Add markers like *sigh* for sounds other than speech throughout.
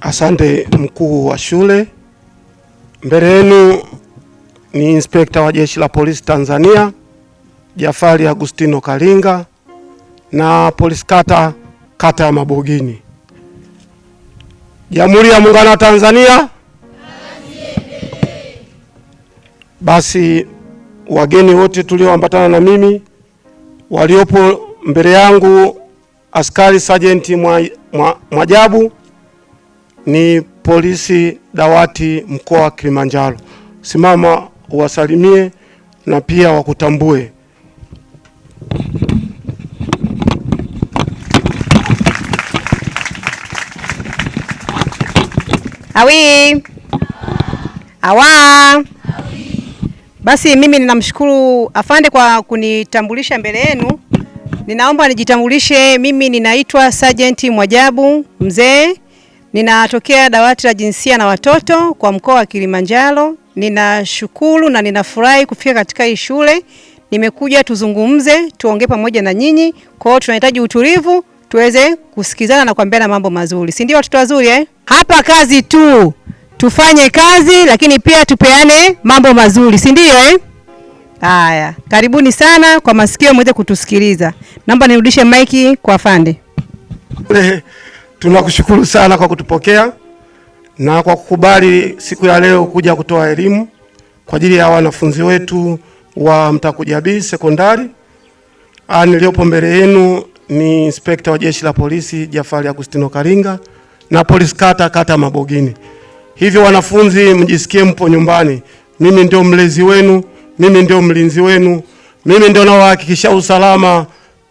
Asante mkuu wa shule. Mbele yenu ni Inspekta wa Jeshi la Polisi Tanzania Jafari Agustino Kalinga na polisi kata kata ya Mabogini. Jamhuri ya Muungano wa Tanzania. Basi wageni wote tulioambatana na mimi, waliopo mbele yangu askari sajenti Mwajabu ni polisi dawati mkoa wa Kilimanjaro. Simama uwasalimie na pia wakutambue. Awi awa, basi mimi ninamshukuru afande kwa kunitambulisha mbele yenu. Ninaomba nijitambulishe, mimi ninaitwa Sergeant Mwajabu Mzee Ninatokea dawati la jinsia na watoto kwa mkoa wa Kilimanjaro. Ninashukuru na ninafurahi kufika katika hii shule. Nimekuja tuzungumze, tuongee pamoja na nyinyi. Kwa hiyo tunahitaji utulivu, tuweze kusikizana na kuambiana mambo mazuri, si ndio watoto wazuri eh? Hapa kazi tu, tufanye kazi, lakini pia tupeane mambo mazuri, si ndio eh? Haya, karibuni sana kwa masikio mweze kutusikiliza. Naomba nirudishe maiki kwa afande *laughs* Tunakushukuru sana kwa kutupokea na kwa kukubali siku ya leo kuja kutoa elimu kwa ajili ya wanafunzi wetu wa Mtakujabi Sekondari. Ah, Niliyopo mbele yenu ni Inspekta wa Jeshi la Polisi Jafari Agustino Karinga na polisi kata kata Mabogini. Hivyo wanafunzi, mjisikie mpo nyumbani. Mimi ndio mlezi wenu, mimi ndio mlinzi wenu, mimi ndio nawahakikisha usalama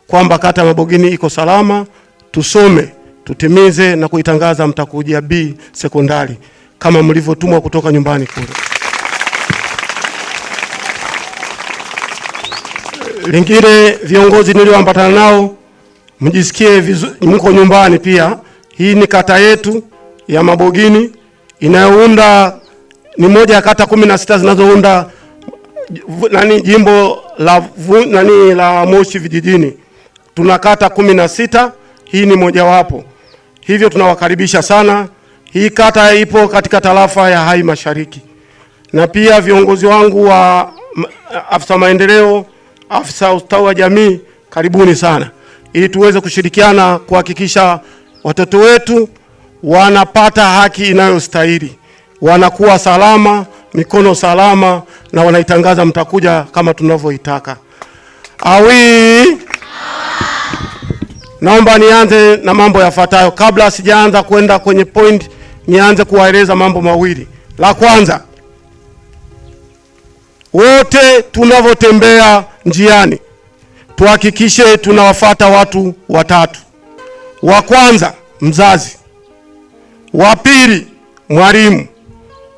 kwamba kata Mabogini iko salama. Tusome tutimize na kuitangaza Mtakuja B sekondari kama mlivyotumwa kutoka nyumbani kule. Lingine, viongozi nilioambatana nao, mjisikie mko nyumbani pia. Hii ni kata yetu ya Mabogini inayounda ni moja ya kata kumi na sita zinazounda nani jimbo la, nani, la Moshi vijijini. Tuna kata kumi na sita, hii ni mojawapo. Hivyo tunawakaribisha sana. Hii kata ipo katika tarafa ya Hai Mashariki, na pia viongozi wangu wa afisa maendeleo, afisa ustawi wa jamii, karibuni sana, ili tuweze kushirikiana kuhakikisha watoto wetu wanapata haki inayostahili, wanakuwa salama, mikono salama, na wanaitangaza mtakuja kama tunavyoitaka. Awi Naomba nianze na mambo yafuatayo. Kabla sijaanza kwenda kwenye point, nianze kuwaeleza mambo mawili. La kwanza, wote tunavyotembea njiani tuhakikishe tunawafata watu watatu. Wa kwanza mzazi, wa pili mwalimu,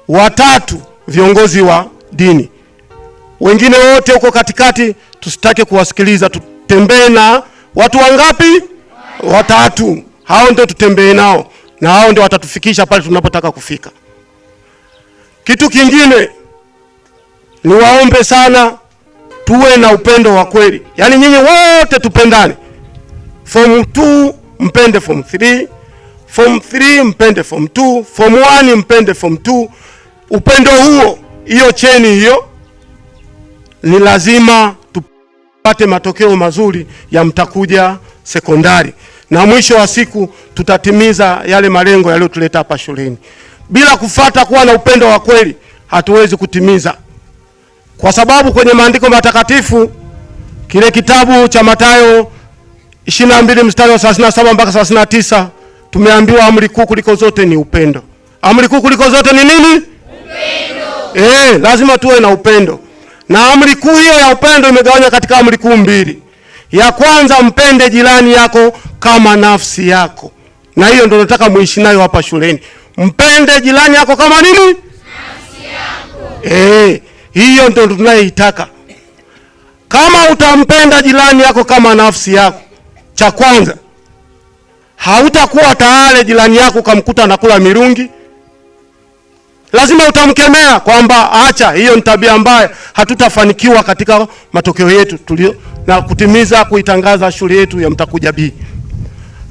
wa tatu viongozi wa dini. Wengine wote huko katikati tusitake kuwasikiliza, tutembee na Watu wangapi? Watatu. Hao ndio tutembee nao, na hao ndio watatufikisha pale tunapotaka kufika. Kitu kingine niwaombe sana, tuwe na upendo wa kweli, yaani nyinyi wote tupendane. Form 2 mpende form 3, form 3 mpende form 2, form 1 mpende form 2. Upendo huo, hiyo cheni hiyo ni lazima pate matokeo mazuri ya Mtakuja Sekondari, na mwisho wa siku tutatimiza yale malengo yaliyotuleta hapa shuleni. Bila kufata kuwa na upendo wa kweli hatuwezi kutimiza, kwa sababu kwenye maandiko matakatifu kile kitabu cha Mathayo 22 mstari wa 37 mpaka 39 tumeambiwa amri kuu kuliko zote ni upendo. Amri kuu kuliko zote ni nini? Upendo. Eh, lazima tuwe na upendo. Na amri kuu hiyo ya upendo imegawanywa katika amri kuu mbili. Ya kwanza, mpende jirani yako kama nafsi yako, na hiyo ndio nataka muishi nayo hapa shuleni. Mpende jirani yako kama nini? Nafsi yako. Eh, hiyo ndio tunayoitaka. Kama utampenda jirani yako kama nafsi yako, cha kwanza hautakuwa tayari jirani yako ukamkuta anakula mirungi lazima utamkemea kwamba acha hiyo ni tabia mbaya, hatutafanikiwa katika matokeo yetu tulio na kutimiza kuitangaza shule yetu ya Mtakuja B.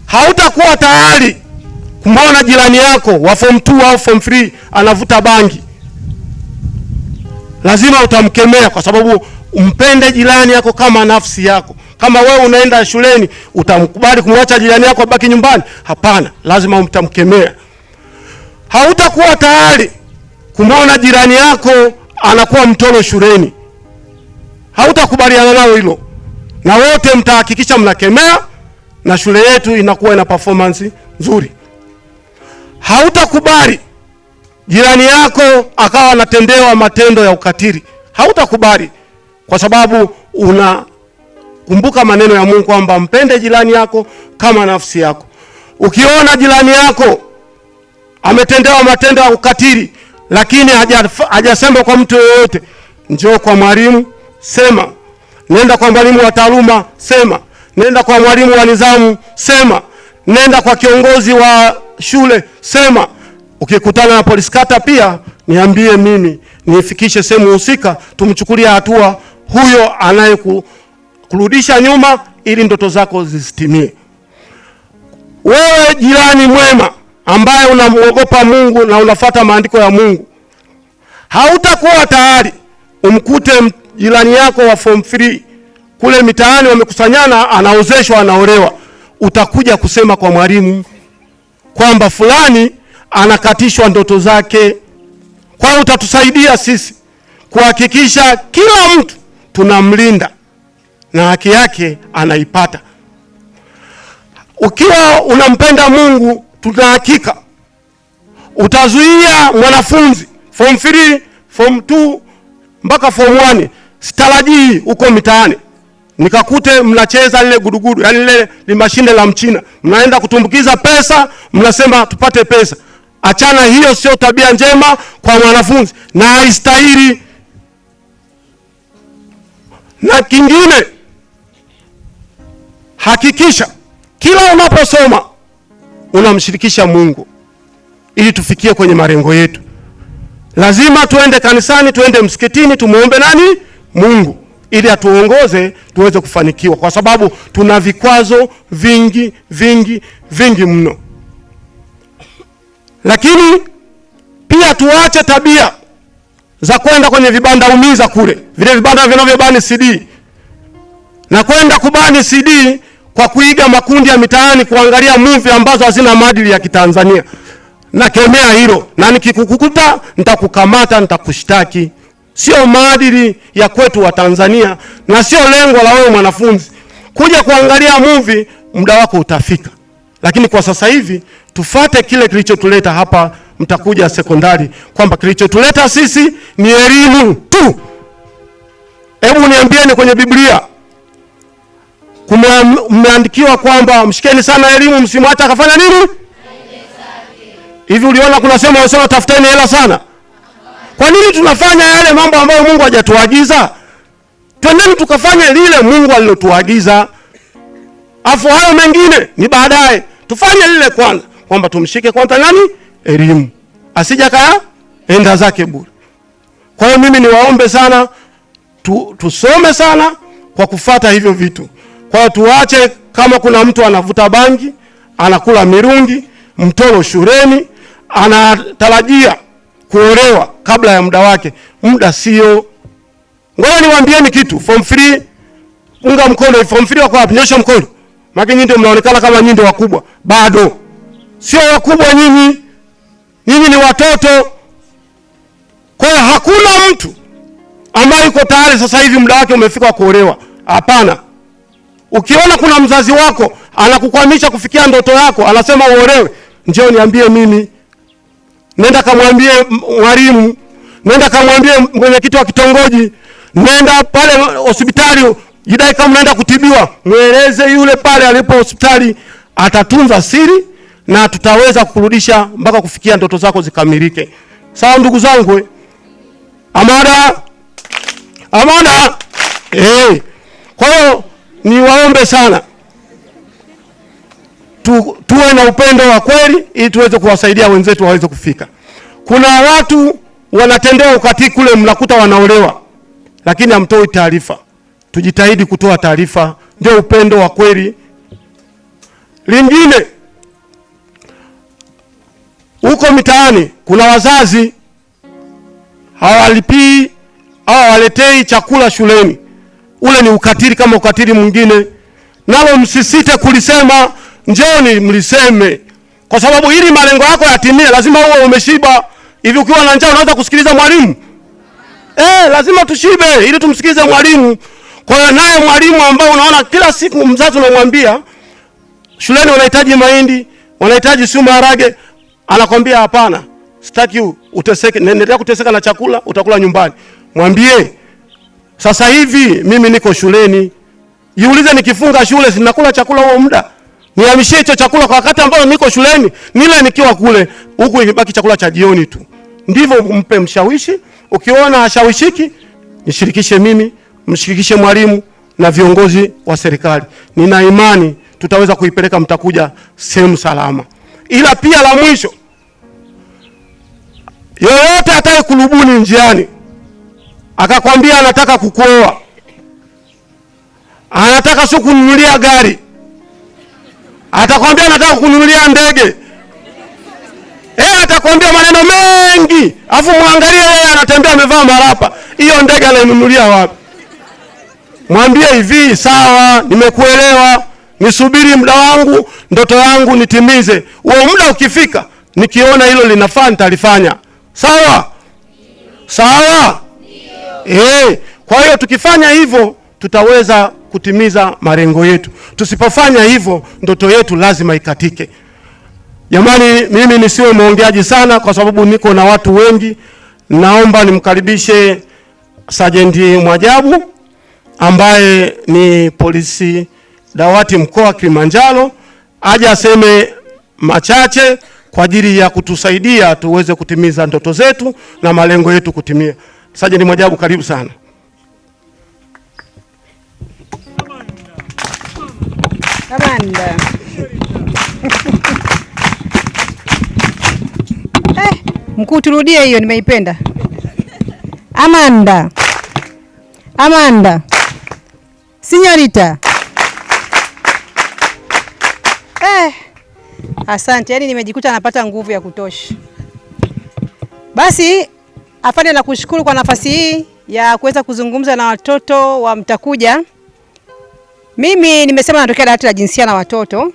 Hautakuwa tayari kumwona jirani yako wa form 2 au form 3 anavuta bangi, lazima utamkemea, kwa sababu umpende jirani yako kama nafsi yako. Kama wewe unaenda shuleni, utamkubali kumwacha jirani yako abaki nyumbani? Hapana, lazima utamkemea. Hautakuwa tayari Kumwona jirani yako anakuwa mtoro shuleni, hautakubaliana nao hilo, na wote mtahakikisha mnakemea na shule yetu inakuwa ina performance nzuri. Hautakubali jirani yako akawa anatendewa matendo ya ukatili, hautakubali kwa sababu unakumbuka maneno ya Mungu kwamba mpende jirani yako kama nafsi yako. Ukiona jirani yako ametendewa matendo ya ukatili lakini hajasema kwa mtu yoyote, njoo kwa mwalimu sema, nenda kwa mwalimu wa taaluma sema, nenda kwa mwalimu wa nidhamu sema, nenda kwa kiongozi wa shule sema. Ukikutana na polisi kata pia niambie mimi, nifikishe sehemu husika, tumchukulia hatua huyo anayekurudisha nyuma, ili ndoto zako zisitimie. Wewe jirani mwema ambaye unamwogopa Mungu na unafuata maandiko ya Mungu, hautakuwa tayari umkute jirani yako wa form 3 kule mitaani wamekusanyana, anaozeshwa, anaolewa, utakuja kusema kwa mwalimu kwamba fulani anakatishwa ndoto zake. Kwa hiyo utatusaidia sisi kuhakikisha kila mtu tunamlinda na haki yake anaipata. Ukiwa unampenda Mungu hakika utazuia mwanafunzi form 3 form 2 mpaka form 1 sitarajii huko mitaani nikakute mnacheza lile gudugudu, yani lile ni mashine la Mchina, mnaenda kutumbukiza pesa, mnasema tupate pesa. Achana, hiyo sio tabia njema kwa mwanafunzi na haistahili. Na kingine, hakikisha kila unaposoma unamshirikisha Mungu ili tufikie kwenye malengo yetu. Lazima tuende kanisani, tuende msikitini, tumuombe nani? Mungu, ili atuongoze tuweze kufanikiwa, kwa sababu tuna vikwazo vingi vingi vingi mno. Lakini pia tuache tabia za kwenda kwenye vibanda umiza kule, vile vibanda vinavyobani CD na kwenda kubani CD kwa kuiga makundi ya mitaani kuangalia movie ambazo hazina maadili ya Kitanzania. Nakemea hilo na nikikukuta nitakukamata, nitakushtaki. Sio maadili ya kwetu wa Tanzania na sio lengo la wewe mwanafunzi kuja kuangalia movie. Muda wako utafika, lakini kwa sasa hivi tufate kile kilichotuleta hapa. Mtakuja sekondari kwamba kilichotuleta sisi ni elimu tu. Hebu niambieni kwenye Biblia mmeandikiwa kwamba mshikeni sana elimu, msimwache akafanya nini? Hivi uliona kuna sema wanasema tafuteni hela sana. Kwa nini tunafanya yale mambo ambayo Mungu hajatuagiza? Twendeni tukafanye lile Mungu alilotuagiza, afu hayo mengine ni baadaye. Tufanye lile kwanza, kwamba tumshike kwanza nani? Elimu, asija kaya enda zake bure. Kwa hiyo mimi niwaombe sana tu, tusome sana kwa kufata hivyo vitu. Kwa tuache, kama kuna mtu anavuta bangi, anakula mirungi, mtoro shuleni, anatarajia kuolewa kabla ya muda wake, muda sio. Ngoja niwaambieni kitu, form 3 unga mkono, form 3 wako wapi? Nyosha mkono. Maki nyinyi ndio mnaonekana kama nyinyi ndio wakubwa. Bado. Sio wakubwa nyinyi. Nyinyi ni watoto. Kwa hakuna mtu ambaye yuko tayari sasa hivi muda wake umefika kuolewa. Hapana. Ukiona kuna mzazi wako anakukwamisha kufikia ndoto yako, anasema uolewe, njoo niambie mimi. Nenda kamwambie mwalimu, nenda kamwambie mwenyekiti wa kitongoji, nenda pale hospitali, jidai kama unaenda kutibiwa, mweleze yule pale alipo hospitali, atatunza siri na tutaweza kurudisha mpaka kufikia ndoto zako zikamilike. Sawa, ndugu zangu, eh? amana amana, eh. Kwa hiyo niwaombe sana tu, tuwe na upendo wa kweli ili tuweze kuwasaidia wenzetu waweze kufika. Kuna watu wanatendea ukatili kule, mnakuta wanaolewa, lakini hamtoi taarifa. Tujitahidi kutoa taarifa, ndio upendo wa kweli. Lingine, huko mitaani kuna wazazi hawalipii au hawaletei chakula shuleni Ule ni ukatili kama ukatili mwingine, nalo msisite kulisema, njoni mliseme, kwa sababu ili malengo yako yatimie lazima uwe umeshiba. Hivi ukiwa na njaa unaanza kusikiliza mwalimu? Eh, lazima tushibe ili tumsikilize mwalimu. Kwa hiyo naye mwalimu ambao unaona kila siku mzazi unamwambia shuleni wanahitaji mahindi, wanahitaji si maharage, anakwambia hapana, sitaki uteseke, nendelea kuteseka na chakula utakula nyumbani. Mwambie sasa hivi mimi niko shuleni, jiulize, nikifunga shule sinakula chakula huo muda, nihamishie hicho chakula kwa wakati ambao niko shuleni, nile nikiwa kule, huku ikibaki chakula cha jioni tu. Ndivyo mpe mshawishi, ukiona hashawishiki nishirikishe mimi, mshirikishe mwalimu na viongozi wa serikali. Nina imani tutaweza kuipeleka, mtakuja sehemu salama. Ila pia la mwisho, yoyote atakaye njiani akakwambia anataka kukuoa, anataka si kununulia gari, atakwambia anataka kununulia ndege E, atakwambia maneno mengi, afu mwangalie yeye anatembea amevaa marapa. Hiyo ndege anainunulia wapi? Mwambie hivi, sawa, nimekuelewa, nisubiri muda wangu, ndoto yangu nitimize. Huo muda ukifika, nikiona hilo linafaa nitalifanya. Sawa sawa. Eh, kwa hiyo tukifanya hivyo tutaweza kutimiza malengo yetu. Tusipofanya hivyo, ndoto yetu lazima ikatike. Jamani, mimi nisiwe mwongeaji sana, kwa sababu niko na watu wengi. Naomba nimkaribishe Sajenti Mwajabu ambaye ni polisi dawati mkoa wa Kilimanjaro, aje aseme machache kwa ajili ya kutusaidia tuweze kutimiza ndoto zetu na malengo yetu kutimia. Sajeni Mwajabu, karibu sana. Kamanda. *laughs* Eh, mkuu turudie hiyo, nimeipenda. Amanda, Amanda, sinyorita. Eh, asante, yaani nimejikuta napata nguvu ya kutosha. Basi Afande, nakushukuru kwa nafasi hii ya kuweza kuzungumza na watoto wa Mtakuja. Mimi nimesema natokea dawati la jinsia na watoto,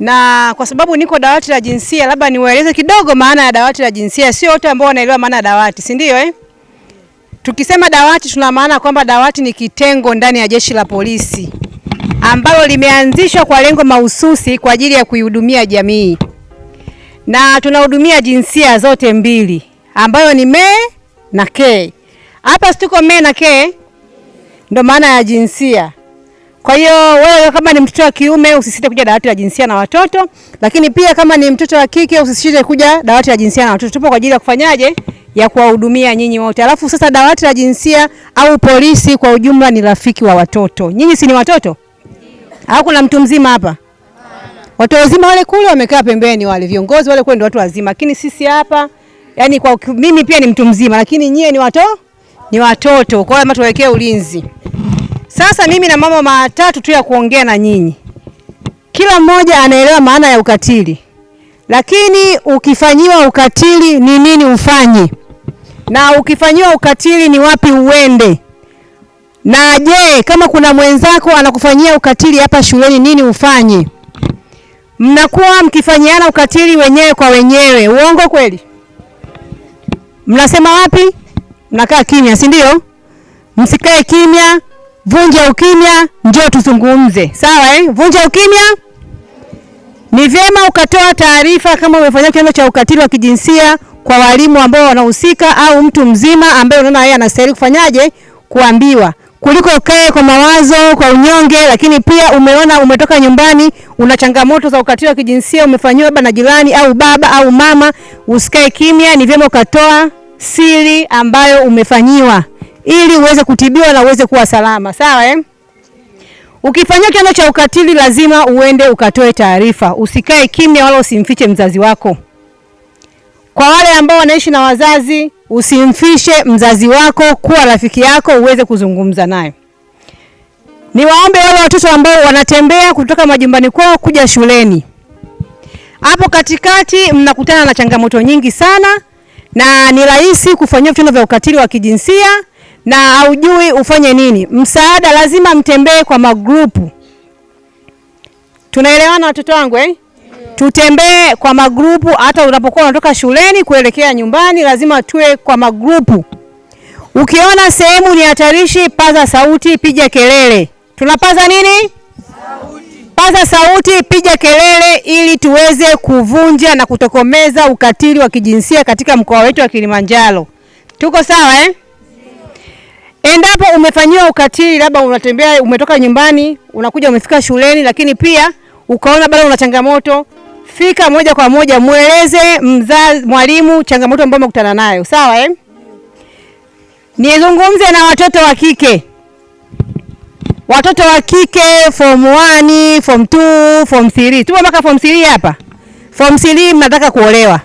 na kwa sababu niko dawati la jinsia, labda niwaeleze kidogo maana ya dawati la jinsia. Sio wote ambao wanaelewa maana ya dawati, si ndio eh? Tukisema dawati, tuna maana kwamba dawati ni kitengo ndani ya jeshi la polisi ambalo limeanzishwa kwa lengo mahususi kwa ajili ya kuihudumia jamii, na tunahudumia jinsia zote mbili ambayo ni me na ke. Hapa situko me na ke, ndo maana ya jinsia. Kwa hiyo wewe kama ni mtoto wa kiume usisite kuja dawati la jinsia na watoto, lakini pia kama ni mtoto wa kike usisite kuja dawati la jinsia na watoto. Tupo kwa ajili ya kufanyaje, ya kuwahudumia nyinyi wote. Alafu sasa, dawati la jinsia au polisi kwa ujumla ni rafiki wa watoto. Nyinyi si ni watoto au kuna mtu mzima hapa? Watu wazima wale kule wamekaa pembeni, wale viongozi wale kule ndio watu wazima, lakini sisi hapa yani kwa mimi pia ni mtu mzima, lakini nyie ni watoto ni watoto, kwa hiyo lazima ulinzi. Sasa mimi na mama matatu tu ya kuongea na nyinyi, kila mmoja anaelewa maana ya ukatili, lakini ukifanyiwa ukatili ni nini ufanye, na ukifanyiwa ukatili ni wapi uende, na je, kama kuna mwenzako anakufanyia ukatili hapa shuleni, nini ufanye? Mnakuwa mkifanyiana ukatili wenyewe kwa wenyewe, uongo kweli? Mnasema wapi? Mnakaa kimya, si ndio? Msikae kimya, vunja ukimya, njoo tuzungumze, sawa eh? Vunja ukimya. Ni vyema ukatoa taarifa kama umefanya kitendo cha ukatili wa kijinsia kwa walimu ambao wanahusika au mtu mzima ambaye unaona yeye anastahili kufanyaje, kuambiwa kuliko ukae kwa mawazo kwa unyonge. Lakini pia umeona umetoka nyumbani, una changamoto za ukatili wa kijinsia umefanyiwa, baba na jirani au baba au mama, Usikae kimya, ni vyema ukatoa siri ambayo umefanyiwa ili uweze kutibiwa na uweze kuwa salama, sawa eh? Ukifanyiwa kitendo cha ukatili lazima uende ukatoe taarifa, usikae kimya wala usimfiche mzazi wako. Kwa wale ambao wanaishi na wazazi, usimfishe mzazi wako, kuwa rafiki yako uweze kuzungumza naye. Niwaombe wale watoto ambao wanatembea kutoka majumbani kwao kuja shuleni hapo katikati mnakutana na changamoto nyingi sana, na ni rahisi kufanyia vitendo vya ukatili wa kijinsia na haujui ufanye nini. Msaada lazima mtembee kwa magrupu. Tunaelewana watoto wangu eh? Tutembee kwa magrupu. Hata unapokuwa unatoka shuleni kuelekea nyumbani, lazima tuwe kwa magrupu. Ukiona sehemu ni hatarishi, paza sauti, piga kelele. Tunapaza nini? Sauti. Paza sauti, piga kelele ili tuweze kuvunja na kutokomeza ukatili wa kijinsia katika mkoa wetu wa Kilimanjaro. Tuko sawa eh? Endapo umefanyiwa ukatili, labda unatembea, umetoka nyumbani, unakuja umefika shuleni, lakini pia ukaona bado una changamoto, fika moja kwa moja, mweleze mzazi, mwalimu changamoto ambayo umekutana nayo, sawa eh? Nizungumze na watoto wa kike watoto wa kike form 1, form 2, form 3. Tupo mpaka form 3 hapa. Form 3 mnataka kuolewa.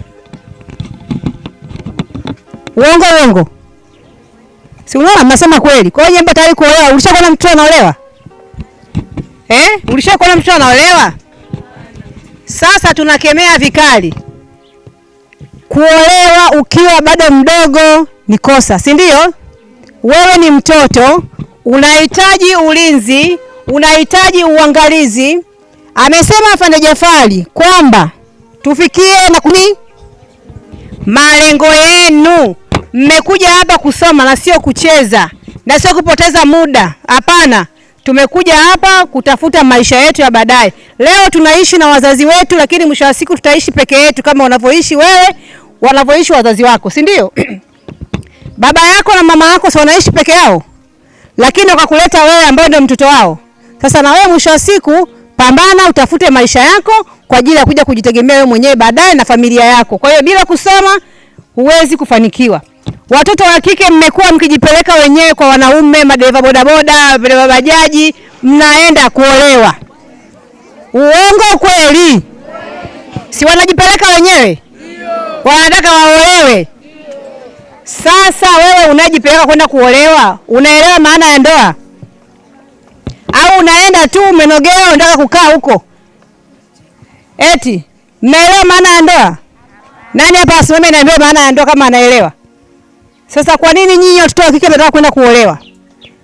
Uongo uongo. Si unaona mnasema kweli. Kwa hiyo jambo tayari kuolewa. Ulishakuwa na mtu anaolewa? Eh? Ulishakuwa na mtu anaolewa? Sasa tunakemea vikali. Kuolewa ukiwa bado mdogo ni kosa, si ndio? Wewe ni mtoto unahitaji ulinzi, unahitaji uangalizi. Amesema afande Jafari kwamba tufikie na malengo yenu. Mmekuja hapa kusoma na sio kucheza na sio kupoteza muda, hapana. Tumekuja hapa kutafuta maisha yetu ya baadaye. Leo tunaishi na wazazi wetu, lakini mwisho wa siku tutaishi peke yetu, kama wanavyoishi wewe, wanavyoishi wazazi wako, si ndio? *clears throat* baba yako na mama yako sio wanaishi peke yao? lakini wakakuleta wewe ambaye ndio mtoto wao. Sasa na wewe mwisho wa siku pambana, utafute maisha yako kwa ajili ya kuja kujitegemea wewe mwenyewe baadaye na familia yako. Kwa hiyo bila kusoma huwezi kufanikiwa. Watoto wa kike mmekuwa mkijipeleka wenyewe kwa wanaume, madereva bodaboda, madereva bajaji, mnaenda kuolewa. Uongo kweli? Si wanajipeleka wenyewe, wanataka waolewe. Sasa wewe unajipeleka kwenda kuolewa, unaelewa maana ya ndoa au unaenda tu umenogea, unataka kukaa huko eti? Mnaelewa maana ya ndoa? Nani hapa asimame na niambie maana ya ndoa kama anaelewa? Sasa kwa nini nyinyi watoto wa kike mnataka kwenda kuolewa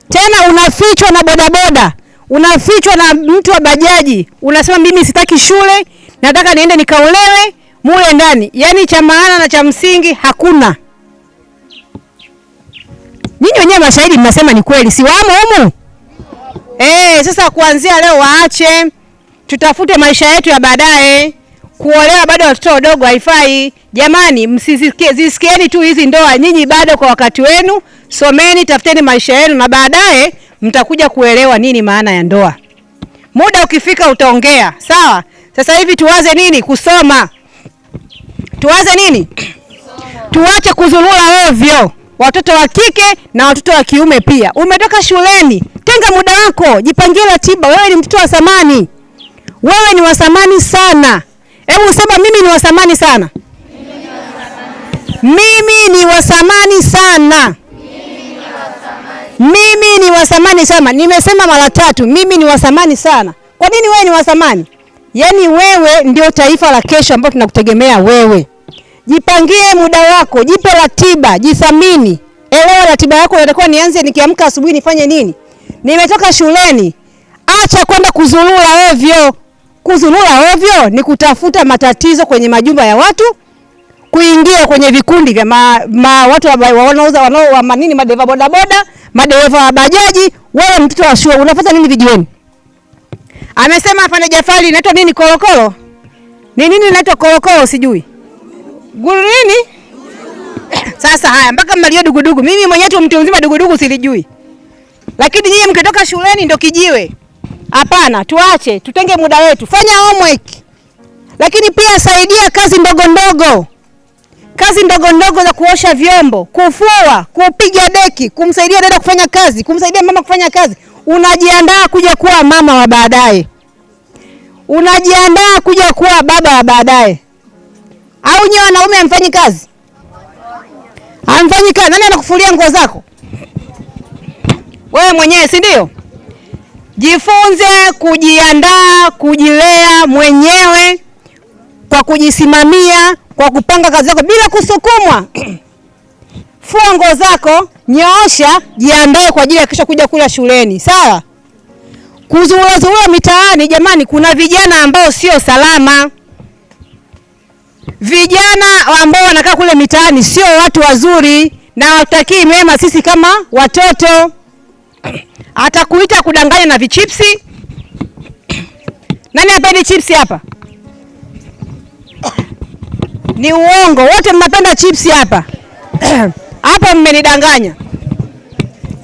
tena? Unafichwa na bodaboda, unafichwa na mtu wa bajaji, unasema mimi sitaki shule, nataka niende nikaolewe mule ndani. Yaani cha maana na cha msingi hakuna. Nyinyi wenyewe mashahidi mnasema ni kweli, si wamo humu? Eh, sasa kuanzia leo waache, tutafute maisha yetu ya baadaye. Kuolewa bado watoto wadogo haifai. Jamani, msisikieni tu hizi ndoa, nyinyi bado kwa wakati wenu, someni, tafuteni maisha yenu, na baadaye mtakuja kuelewa nini maana ya ndoa. Muda ukifika utaongea, sawa? Sasa hivi tuwaze nini? Kusoma. Tuwaze nini? Kusoma. Tuache kuzurura ovyo watoto wa kike na watoto wa kiume pia. Umetoka shuleni, tenga muda wako, jipangie ratiba. Wewe ni mtoto wa samani, wewe ni wa samani sana. Hebu sema, mimi ni wa samani sana, mimi ni wa samani sana, mimi ni wa samani sana. Nimesema mara tatu, mimi ni wa samani sana. Kwa nini wewe ni wa samani? Yaani wewe ndio taifa la kesho ambalo tunakutegemea wewe. Jipangie muda wako, jipe ratiba, jithamini, elewa ratiba yako. inatakiwa nianze nikiamka asubuhi nifanye nini? Nimetoka shuleni, acha kwenda kuzurura ovyo. Kuzurura ovyo ni kutafuta matatizo kwenye majumba ya watu, kuingia kwenye vikundi vya ma, ma, watu wanaouza wanao manini, madereva bodaboda, madereva wa bajaji. Wewe mtoto wa shule unafanya nini vijiweni? Amesema afande Jafari, inaitwa nini korokoro? Ni nini inaitwa korokoro? Sijui guru nini? Sasa haya mpaka mnalio dugudugu. Mimi mwenyewe tu mtu mzima dugudugu silijui, lakini nyinyi mkitoka shuleni ndo kijiwe. Hapana, tuache, tutenge muda wetu, fanya homework, lakini pia saidia kazi ndogo ndogo, kazi ndogo ndogo za kuosha vyombo, kufua, kupiga deki, kumsaidia dada kufanya kazi, kumsaidia mama kufanya kazi. Unajiandaa kuja kuwa mama wa baadaye, unajiandaa kuja kuwa baba wa baadaye au nyewe wanaume hamfanyi kazi? Hamfanyi kazi. Nani anakufulia nguo zako? Wewe mwenyewe, si ndio? Jifunze kujiandaa, kujilea mwenyewe kwa kujisimamia, kwa kupanga kazi zako bila kusukumwa. *clears throat* Fua nguo zako, nyoosha, jiandae kwa ajili ya kesho kuja kula shuleni, sawa? Kuzurura zurura mitaani, jamani, kuna vijana ambao sio salama. Vijana ambao wanakaa kule mitaani sio watu wazuri na watakii mema sisi kama watoto. *clears throat* Atakuita kudanganya na vichipsi. Nani apendi chipsi hapa? *clears throat* Ni uongo, wote mnapenda chipsi hapa. *clears throat* Hapo mmenidanganya,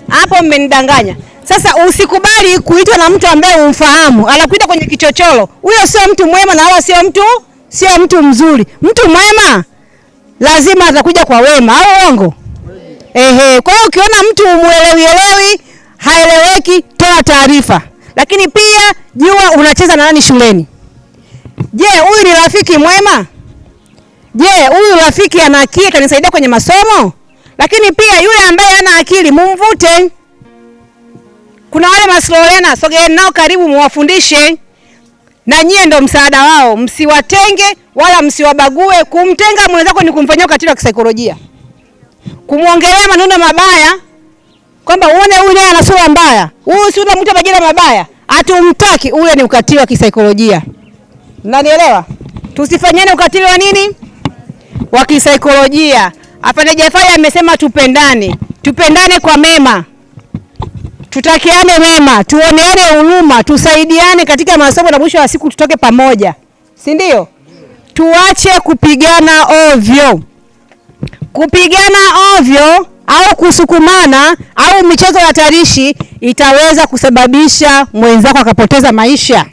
hapo mmenidanganya. Sasa usikubali kuitwa na mtu ambaye umfahamu, anakuita kwenye kichochoro, huyo sio mtu mwema na wala sio mtu sio mtu mzuri. Mtu mwema lazima atakuja kwa wema, au uongo? Ehe, kwa hiyo ukiona mtu umuelewi elewi, haeleweki, toa taarifa. Lakini pia jua unacheza na nani shuleni. Je, huyu ni rafiki mwema? Je, huyu rafiki ana akili atanisaidia kwenye masomo? Lakini pia yule ambaye hana akili mumvute. Kuna wale maslolena, sogeeni nao karibu, muwafundishe na nyie ndo msaada wao, msiwatenge wala msiwabague. Kumtenga mwenzako ni kumfanyia ukatili wa kisaikolojia, kumwongelea maneno mabaya kwamba uone huyu naye ana sura mbaya, huyu si unamwita majina mabaya, hatumtaki. Ule ni ukatili wa kisaikolojia, mnanielewa? Tusifanyane ukatili wa nini, wa kisaikolojia. Afande Jafari amesema tupendane, tupendane kwa mema. Tutakiane mema, tuoneane huruma, tusaidiane katika masomo na mwisho wa siku tutoke pamoja, si ndio? Tuache kupigana ovyo. Kupigana ovyo au kusukumana au michezo ya tarishi itaweza kusababisha mwenzako akapoteza maisha.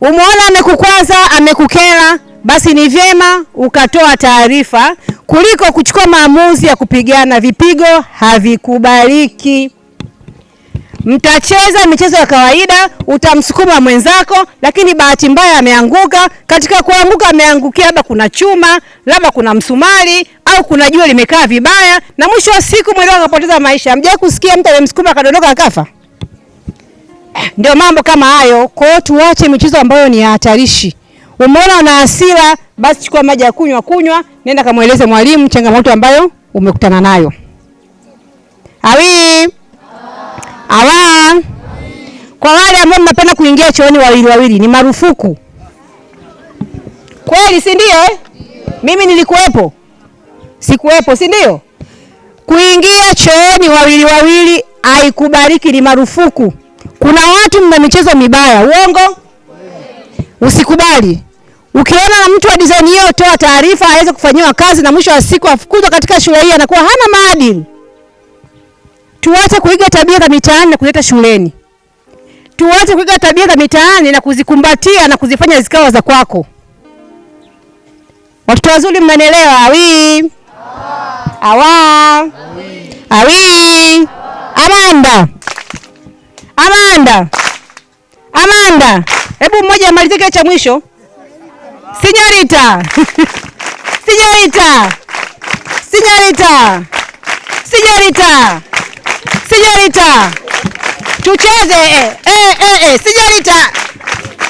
Umeona amekukwaza, amekukera, basi ni vyema ukatoa taarifa kuliko kuchukua maamuzi ya kupigana. Vipigo havikubaliki mtacheza michezo ya kawaida, utamsukuma mwenzako, lakini bahati mbaya ameanguka. Katika kuanguka ameangukia labda kuna chuma, labda kuna msumari au kuna jua limekaa vibaya, na mwisho wa siku mwenzako akapoteza maisha. Hamjawahi kusikia mtu amemsukuma akadondoka akafa? Eh, ndio mambo kama hayo. Kwa hiyo tuache michezo ambayo ni hatarishi. Umeona una hasira, basi chukua maji ya kunywa, kunywa, nenda kamweleze mwalimu changamoto ambayo umekutana nayo. Awii. Ala, kwa wale ambao mnapenda kuingia chooni wawili wawili ni marufuku kweli, si ndio? Eh? Mimi nilikuwepo, sikuwepo, si ndio? Kuingia chooni wawili wawili haikubaliki, ni marufuku. Kuna watu mna michezo mibaya, uongo, usikubali. Ukiona na mtu wa design hiyo, toa taarifa aweze kufanyiwa kazi, na mwisho wa siku afukuzwa katika shule hii, anakuwa hana maadili. Tuache kuiga tabia za mitaani na kuleta shuleni. Tuache kuiga tabia za mitaani na kuzikumbatia na kuzifanya zikawa za kwako. Watoto wazuri, mnanielewa? Awi awa awi Amanda, Amanda, Amanda, hebu mmoja amalize kile cha mwisho. Sinyorita, *laughs* sinyorita, sinyorita, sinyorita sijarita, tucheze eh, eh, eh, eh sijarita,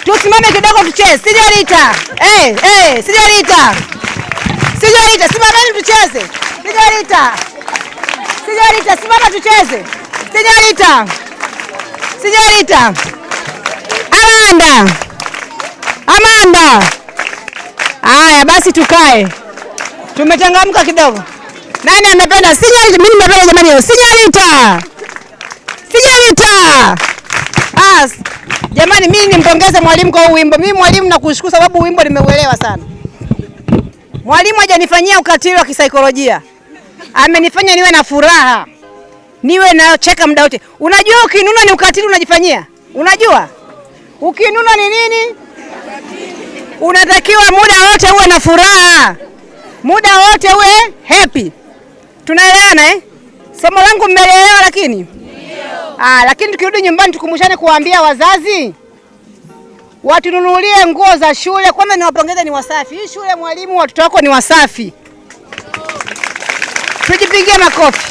tusimame kidogo tucheze, sijarita eh, eh, sijarita, sijarita, simameni tucheze, sijarita, sijarita, simama tucheze, sijarita, sijarita, Amanda, Amanda. Haya basi, tukae, tumetangamka kidogo. Nani amependa? sijarita? Mimi nimependa jamani, sijarita. Piga vita! As. Jamani, mimi nimpongeze mwalimu kwa huu wimbo. Mimi mwalimu nakushukuru sababu wimbo nimeuelewa sana. Mwalimu hajanifanyia ukatili wa kisaikolojia. Amenifanya niwe na furaha. Niwe na cheka muda wote. Unajua ukinuna ni ukatili unajifanyia? Unajua? Ukinuna ni nini? Unatakiwa muda wote uwe na furaha. Muda wote uwe happy. Tunaelewana eh? Somo langu mmelielewa lakini Ah, lakini tukirudi nyumbani tukumbushane kuwaambia wazazi watununulie nguo za shule. Kwanza niwapongeze, ni wasafi hii shule, mwalimu, watoto wako ni wasafi, tujipigie makofi.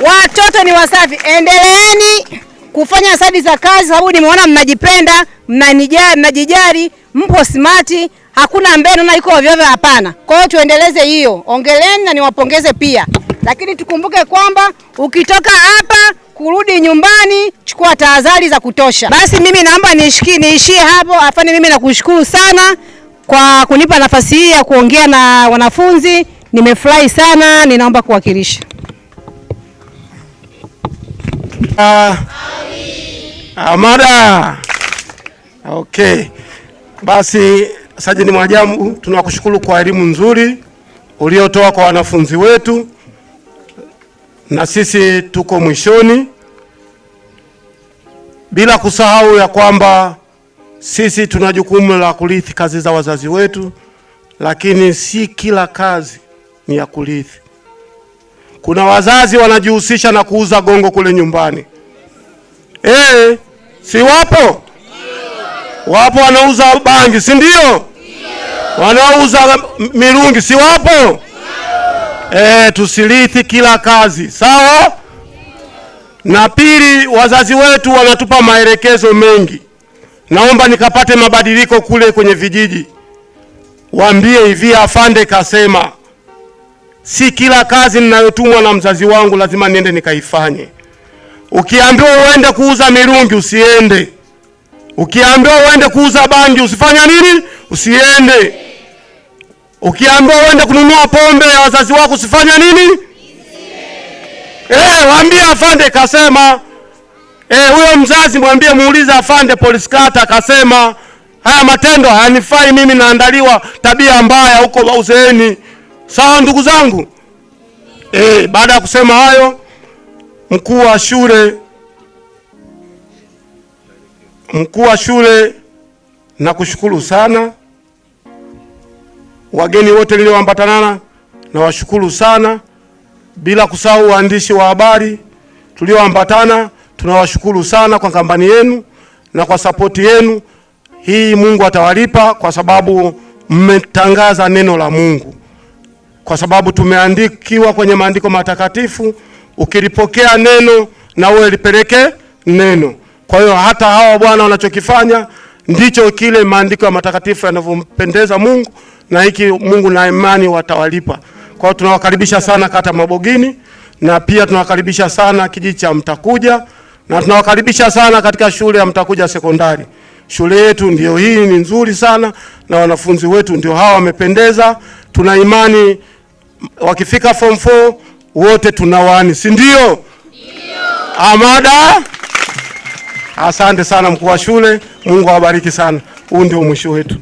Watoto ni wasafi, endeleeni kufanya sadi za kazi, sababu nimeona mnajipenda, mnajijali, mpo smart, hakuna ambaye naona iko ovyo ovyo, hapana. Kwa hiyo tuendeleze hiyo, ongeleni na niwapongeze pia lakini tukumbuke kwamba ukitoka hapa kurudi nyumbani, chukua tahadhari za kutosha. Basi mimi naomba niishie hapo. afani mimi nakushukuru sana kwa kunipa nafasi hii ya kuongea na wanafunzi. Nimefurahi sana, ninaomba kuwakilisha. Uh, Amada. Okay. Basi Sajini Mwajamu, tunakushukuru kwa elimu nzuri uliotoa kwa wanafunzi wetu na sisi tuko mwishoni, bila kusahau ya kwamba sisi tuna jukumu la kurithi kazi za wazazi wetu, lakini si kila kazi ni ya kurithi. Kuna wazazi wanajihusisha na kuuza gongo kule nyumbani. E, si wapo? Wapo wanauza bangi, si ndio? Wanauza mirungi, si wapo? E, tusirithi kila kazi sawa. Na pili, wazazi wetu wanatupa maelekezo mengi, naomba nikapate mabadiliko kule kwenye vijiji. Waambie hivi, afande kasema, si kila kazi ninayotumwa na mzazi wangu lazima niende nikaifanye. Ukiambiwa uende kuuza mirungi usiende, ukiambiwa uende kuuza bangi usifanya nini, usiende Ukiambiwa uende kununua pombe ya wazazi wako usifanya nini? Eh, waambie afande kasema. Eh, huyo mzazi mwambie, muulize afande polisi kata kasema haya matendo hayanifai mimi, naandaliwa tabia mbaya huko uzeeni. Sawa ndugu zangu. Eh, baada ya kusema hayo, mkuu wa shule mkuu wa shule, nakushukuru sana wageni wote nilioambatanana nawashukuru sana, bila kusahau waandishi wa habari tulioambatana, tunawashukuru sana kwa kampani yenu na kwa sapoti yenu hii. Mungu atawalipa kwa sababu mmetangaza neno la Mungu, kwa sababu tumeandikiwa kwenye maandiko matakatifu, ukilipokea neno na uwe lipeleke neno. Kwa hiyo hata hawa bwana wanachokifanya ndicho kile maandiko ya matakatifu yanavyompendeza Mungu, na hiki Mungu na imani watawalipa. Kwa hiyo tunawakaribisha sana kata Mabogini, na pia tunawakaribisha sana kijiji cha Mtakuja, na tunawakaribisha sana katika shule ya Mtakuja Sekondari. Shule yetu ndio hii, ni nzuri sana na wanafunzi wetu ndio hawa wamependeza. Tuna imani wakifika form 4 wote tunawaani, si ndio? Ndio. Amada Asante sana mkuu wa shule, Mungu awabariki sana. Huu ndio mwisho wetu.